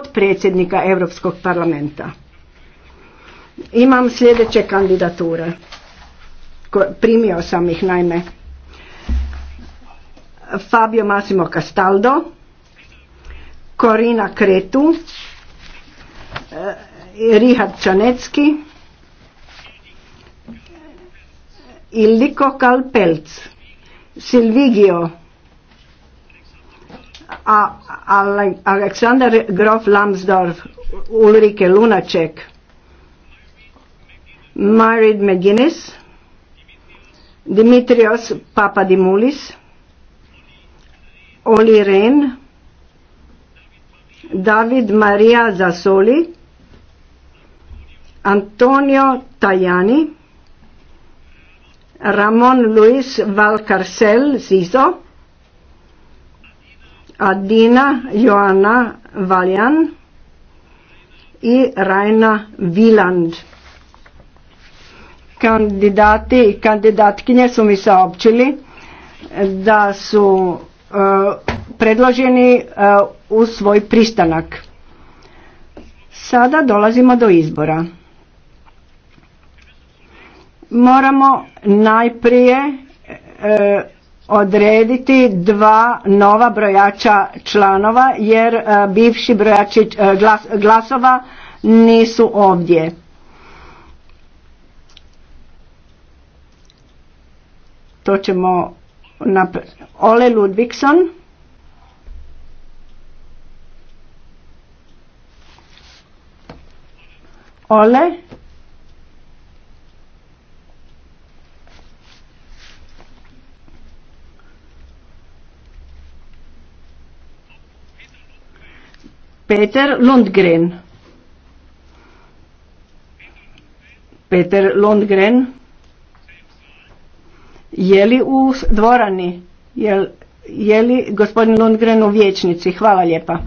predsjednika Europskog parlamenta. Imam sljedeće kandidature. Primio sam ih naime. Fabio Massimo Castaldo, Korina Kretu, eh, Richard Čanecki Iliko Kalpelc, Silvigio a Aleksandar Grof Lambsdorff, Ulrike Lunaček, Marit McGuinness, Dimitrios Papadimulis, Oli Ren, David Maria Zasoli, Antonio Tajani, Ramon Luis Valcarcel Siso, Adina Joana Valjan i Rajna Viland. Kandidati i kandidatkinje su mi saopćili e, da su e, predloženi e, u svoj pristanak. Sada dolazimo do izbora. Moramo najprije odrediti dva nova brojača članova jer e, bivši brojači e, glasova nisu ovdje. To ćemo Ole Ludvigson. Ole Peter Lundgren. Peter Lundgren. Je li u dvorani? Je, li gospodin Lundgren u vječnici? Hvala lijepa.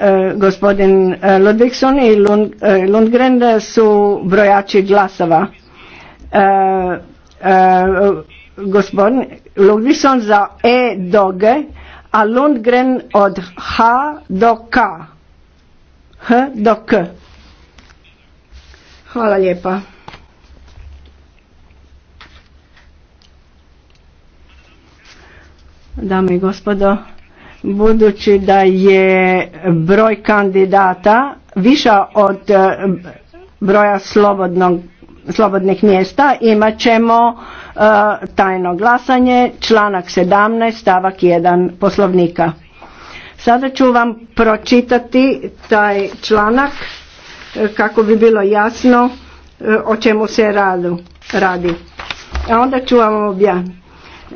E, gospodin e, Ludvigson i Lund, e, Lundgren su brojači glasova. Eh, gospodin Ludvison za E do G, a Lundgren od H do K. H do K. Hvala lijepa. Dame i gospodo, budući da je broj kandidata viša od eh, broja slobodnog slobodnih mjesta imat ćemo e, tajno glasanje članak 17 stavak 1 poslovnika. Sada ću vam pročitati taj članak e, kako bi bilo jasno e, o čemu se radu, radi. A onda ću vam objasniti.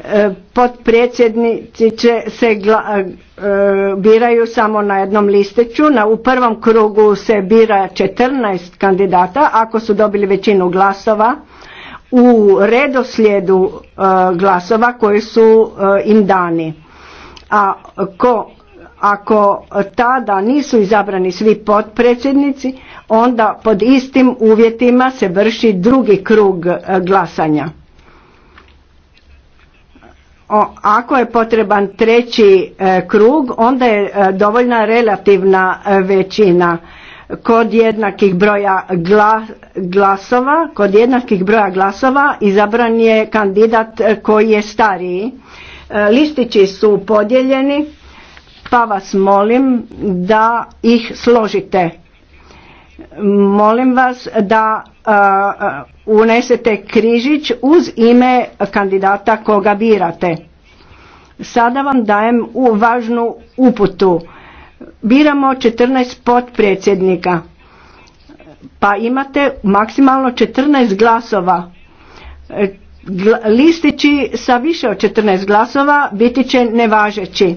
E, potpredsjednici će se e, biraju samo na jednom listeću. Na, u prvom krugu se bira 14 kandidata ako su dobili većinu glasova u redoslijedu e, glasova koji su im dani. A ko, ako tada nisu izabrani svi potpredsjednici, onda pod istim uvjetima se vrši drugi krug glasanja. Ako je potreban treći e, krug, onda je e, dovoljna relativna e, većina kod jednakih broja glasova, kod jednakih broja glasova izabran je kandidat koji je stariji. Listići su podijeljeni, pa vas molim da ih složite. Molim vas da unesete križić uz ime kandidata koga birate. Sada vam dajem važnu uputu. Biramo 14 potpredsjednika. Pa imate maksimalno 14 glasova. Listići sa više od 14 glasova biti će nevažeći.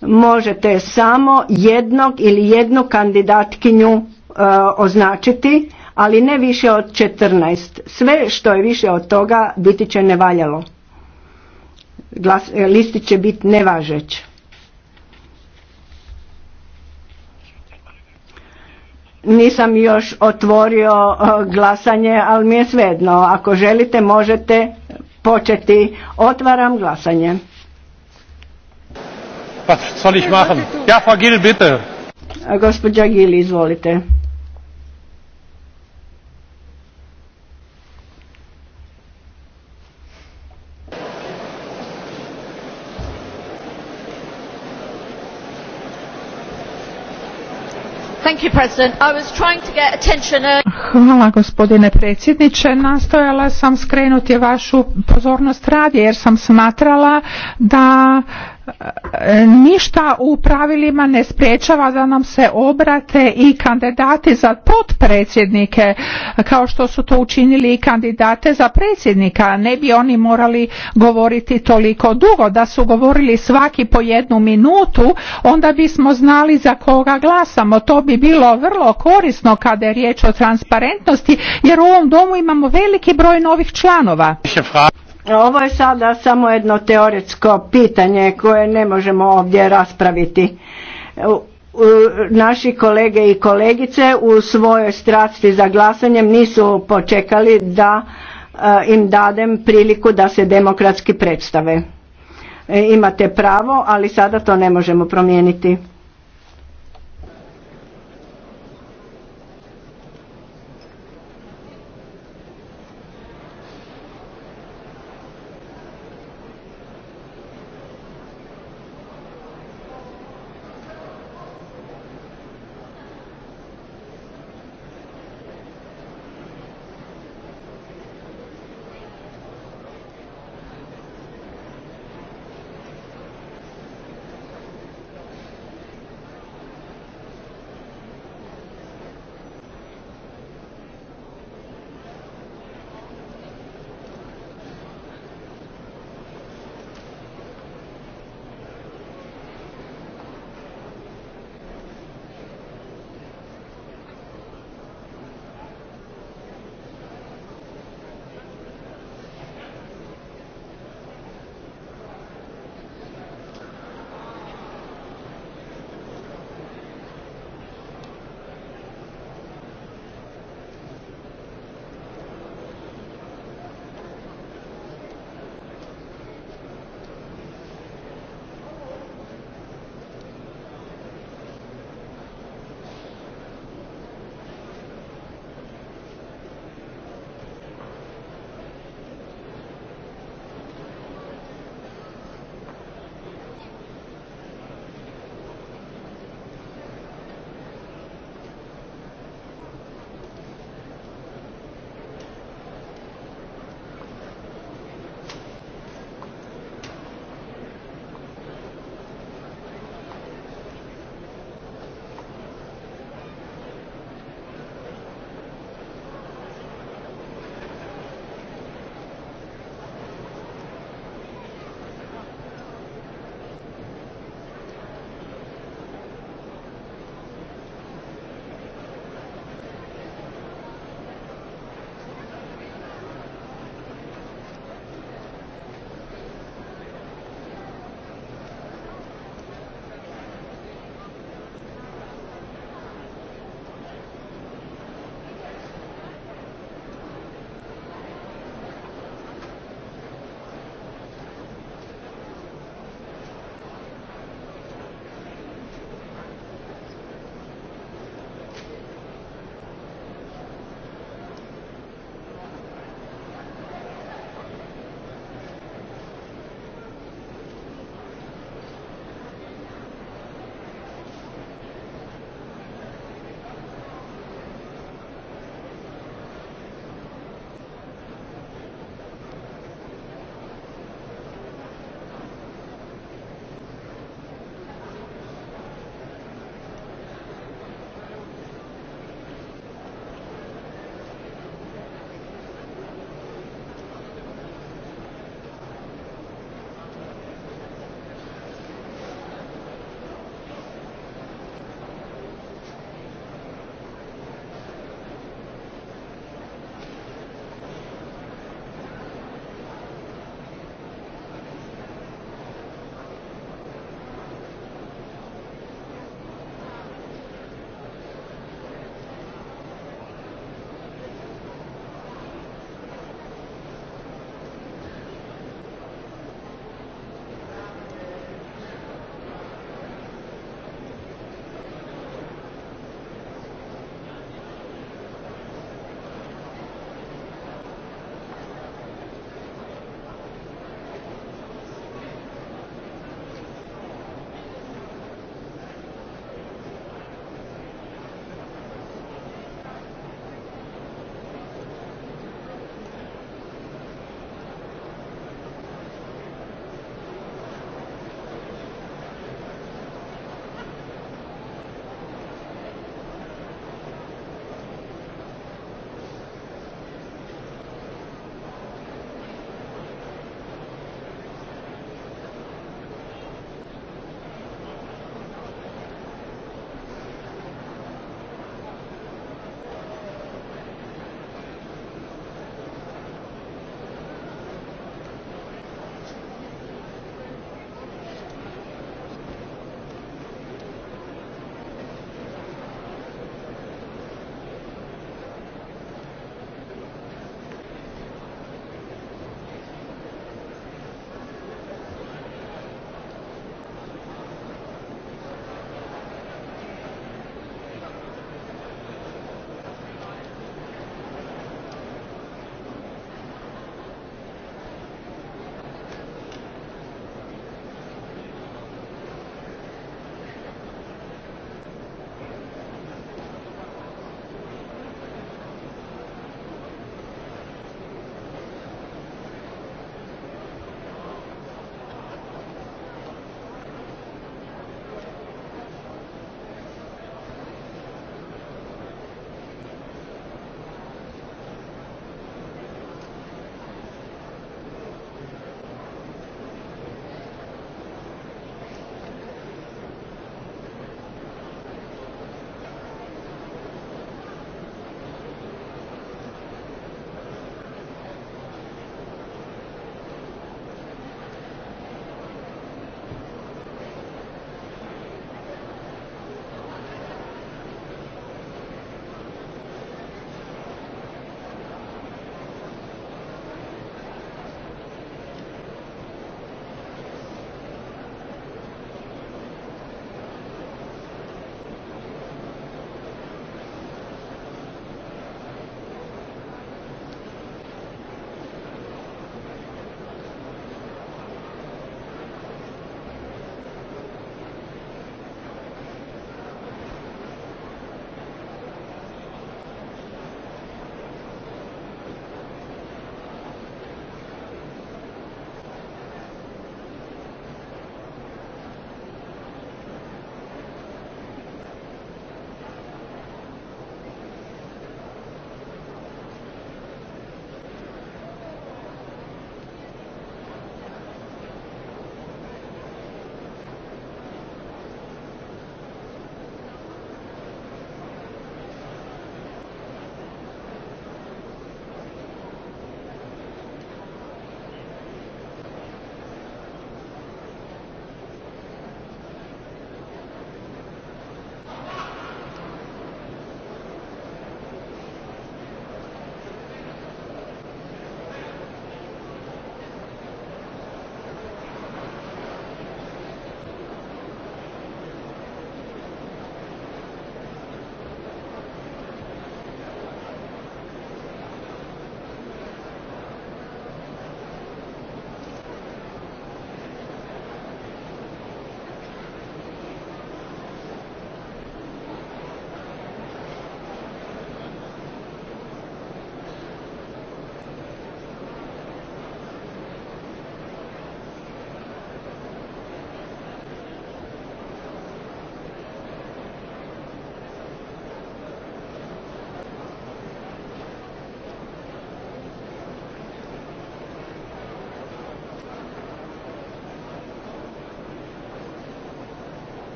Možete samo jednog ili jednu kandidatkinju E, označiti, ali ne više od 14. Sve što je više od toga biti će nevaljalo. Glas, e, će biti nevažeć. Nisam još otvorio e, glasanje, ali mi je svedno. Ako želite možete početi. Otvaram glasanje. Was soll ich machen? Ja, Frau bitte. Gil, izvolite. Hvala gospodine predsjedniče. Nastojala sam skrenuti vašu pozornost radi jer sam smatrala da E, ništa u pravilima ne sprječava da nam se obrate i kandidati za potpredsjednike kao što su to učinili i kandidate za predsjednika ne bi oni morali govoriti toliko dugo da su govorili svaki po jednu minutu onda bismo znali za koga glasamo to bi bilo vrlo korisno kada je riječ o transparentnosti jer u ovom domu imamo veliki broj novih članova ovo je sada samo jedno teoretsko pitanje koje ne možemo ovdje raspraviti. Naši kolege i kolegice u svojoj strasti za glasanjem nisu počekali da eh, im dadem priliku da se demokratski predstave. E, imate pravo, ali sada to ne možemo promijeniti.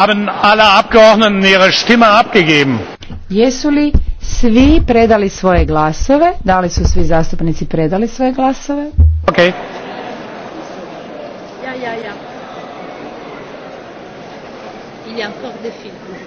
Haben alle Abgeordneten ihre Stimme abgegeben? Jesu li svi predali svoje glasove? Da li su svi zastupnici predali svoje glasove? Ok. Ja, ja, ja. Il y a encore des filles.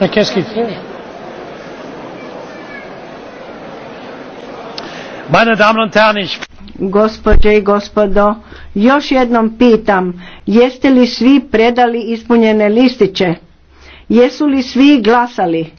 Mais qu'est-ce qu'il fait Gospođe i gospodo, još jednom pitam, jeste li svi predali ispunjene listiće? Jesu li svi glasali?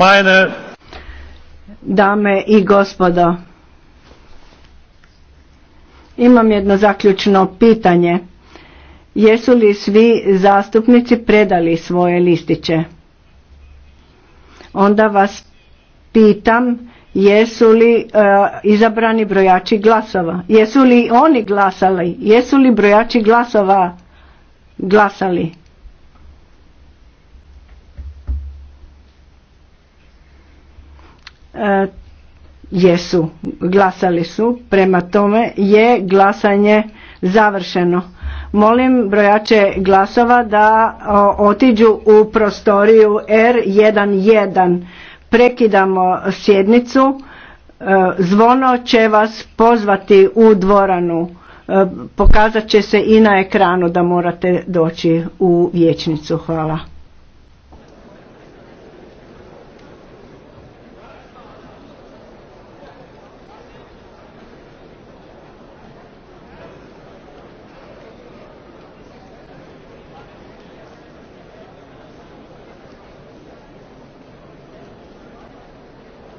meine Dame i gospodo, imam jedno zaključno pitanje. Jesu li svi zastupnici predali svoje listiće? Onda vas pitam jesu li e, izabrani brojači glasova? Jesu li oni glasali? Jesu li brojači glasova glasali? E, jesu, glasali su, prema tome je glasanje završeno. Molim brojače glasova da otiđu u prostoriju R11. Prekidamo sjednicu. E, zvono će vas pozvati u dvoranu. E, pokazat će se i na ekranu da morate doći u vječnicu. Hvala.